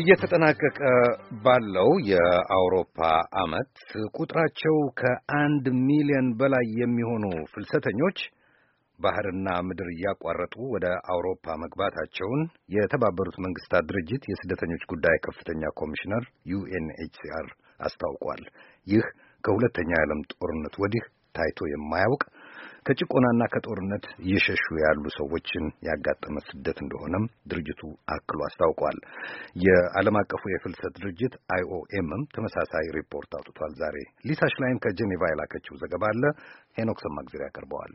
እየተጠናቀቀ ባለው የአውሮፓ ዓመት ቁጥራቸው ከአንድ ሚሊዮን በላይ የሚሆኑ ፍልሰተኞች ባህርና ምድር እያቋረጡ ወደ አውሮፓ መግባታቸውን የተባበሩት መንግስታት ድርጅት የስደተኞች ጉዳይ ከፍተኛ ኮሚሽነር ዩኤንኤችሲአር አስታውቋል። ይህ ከሁለተኛው የዓለም ጦርነት ወዲህ ታይቶ የማያውቅ ከጭቆናና ከጦርነት እየሸሹ ያሉ ሰዎችን ያጋጠመ ስደት እንደሆነም ድርጅቱ አክሎ አስታውቋል። የዓለም አቀፉ የፍልሰት ድርጅት አይኦኤምም ተመሳሳይ ሪፖርት አውጥቷል። ዛሬ ሊሳ ሽላይን ከጄኔቫ የላከችው ዘገባ አለ። ሄኖክ ሰማግዜር ያቀርበዋል።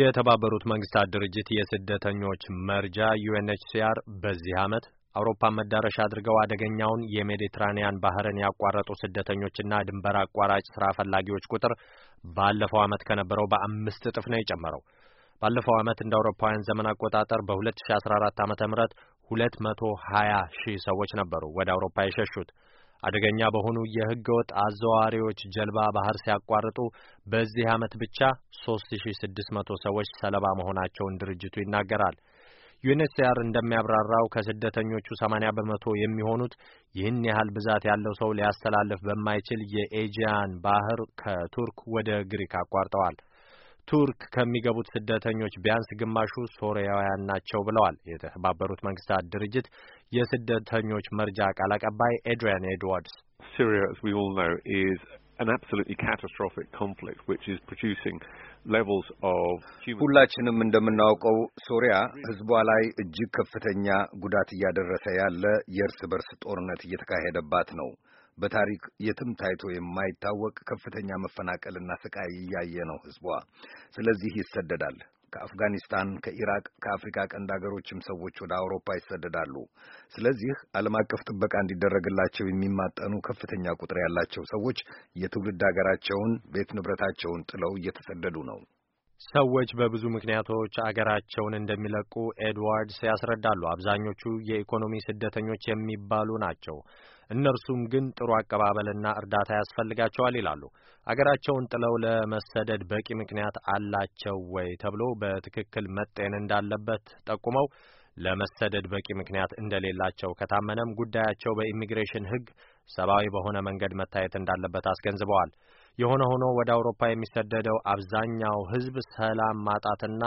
የተባበሩት መንግስታት ድርጅት የስደተኞች መርጃ ዩኤንኤችሲአር በዚህ ዓመት አውሮፓን መዳረሻ አድርገው አደገኛውን የሜዲትራኒያን ባህርን ያቋረጡ ስደተኞችና ድንበር አቋራጭ ስራ ፈላጊዎች ቁጥር ባለፈው ዓመት ከነበረው በአምስት እጥፍ ነው የጨመረው። ባለፈው ዓመት እንደ አውሮፓውያን ዘመን አቆጣጠር በ2014 ዓ ም 220 ሺህ ሰዎች ነበሩ ወደ አውሮፓ የሸሹት። አደገኛ በሆኑ የህገወጥ አዘዋዋሪዎች ጀልባ ባህር ሲያቋርጡ በዚህ ዓመት ብቻ 3600 ሰዎች ሰለባ መሆናቸውን ድርጅቱ ይናገራል። ዩኤንኤችሲአር እንደሚያብራራው ከስደተኞቹ 80 በመቶ የሚሆኑት ይህን ያህል ብዛት ያለው ሰው ሊያስተላልፍ በማይችል የኤጂያን ባህር ከቱርክ ወደ ግሪክ አቋርጠዋል። ቱርክ ከሚገቡት ስደተኞች ቢያንስ ግማሹ ሶሪያውያን ናቸው ብለዋል የተባበሩት መንግስታት ድርጅት የስደተኞች መርጃ ቃል አቀባይ ኤድሪያን ኤድዋርድስ። Syria, as we all know, is an absolutely catastrophic conflict which is producing levels of ሁላችንም እንደምናውቀው ሶሪያ ህዝቧ ላይ እጅግ ከፍተኛ ጉዳት እያደረሰ ያለ የእርስ በርስ ጦርነት እየተካሄደባት ነው። በታሪክ የትም ታይቶ የማይታወቅ ከፍተኛ መፈናቀልና ስቃይ እያየ ነው ህዝቧ። ስለዚህ ይሰደዳል። ከአፍጋኒስታን፣ ከኢራቅ፣ ከአፍሪካ ቀንድ ሀገሮችም ሰዎች ወደ አውሮፓ ይሰደዳሉ። ስለዚህ ዓለም አቀፍ ጥበቃ እንዲደረግላቸው የሚማጠኑ ከፍተኛ ቁጥር ያላቸው ሰዎች የትውልድ ሀገራቸውን ቤት ንብረታቸውን ጥለው እየተሰደዱ ነው። ሰዎች በብዙ ምክንያቶች አገራቸውን እንደሚለቁ ኤድዋርድስ ያስረዳሉ። አብዛኞቹ የኢኮኖሚ ስደተኞች የሚባሉ ናቸው። እነርሱም ግን ጥሩ አቀባበልና እርዳታ ያስፈልጋቸዋል ይላሉ። አገራቸውን ጥለው ለመሰደድ በቂ ምክንያት አላቸው ወይ ተብሎ በትክክል መጤን እንዳለበት ጠቁመው ለመሰደድ በቂ ምክንያት እንደሌላቸው ከታመነም ጉዳያቸው በኢሚግሬሽን ሕግ ሰብአዊ በሆነ መንገድ መታየት እንዳለበት አስገንዝበዋል። የሆነ ሆኖ ወደ አውሮፓ የሚሰደደው አብዛኛው ሕዝብ ሰላም ማጣትና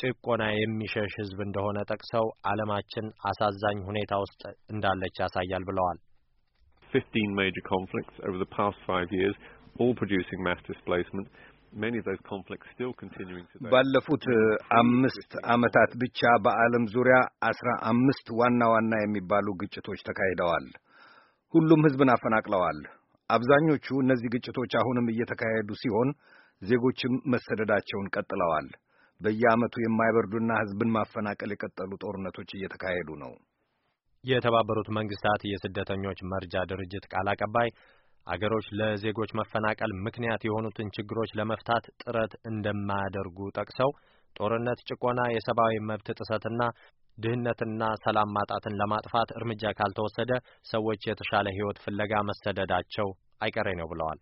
ጭቆና የሚሸሽ ሕዝብ እንደሆነ ጠቅሰው ዓለማችን አሳዛኝ ሁኔታ ውስጥ እንዳለች ያሳያል ብለዋል። 15 major conflicts over the past five years, all producing mass displacement. ባለፉት አምስት ዓመታት ብቻ በዓለም ዙሪያ አስራ አምስት ዋና ዋና የሚባሉ ግጭቶች ተካሂደዋል። ሁሉም ሕዝብን አፈናቅለዋል። አብዛኞቹ እነዚህ ግጭቶች አሁንም እየተካሄዱ ሲሆን ዜጎችም መሰደዳቸውን ቀጥለዋል። በየዓመቱ የማይበርዱና ሕዝብን ማፈናቀል የቀጠሉ ጦርነቶች እየተካሄዱ ነው። የተባበሩት መንግስታት የስደተኞች መርጃ ድርጅት ቃል አቀባይ አገሮች ለዜጎች መፈናቀል ምክንያት የሆኑትን ችግሮች ለመፍታት ጥረት እንደማያደርጉ ጠቅሰው ጦርነት፣ ጭቆና፣ የሰብአዊ መብት ጥሰትና ድህነትና ሰላም ማጣትን ለማጥፋት እርምጃ ካልተወሰደ ሰዎች የተሻለ ሕይወት ፍለጋ መሰደዳቸው አይቀሬ ነው ብለዋል።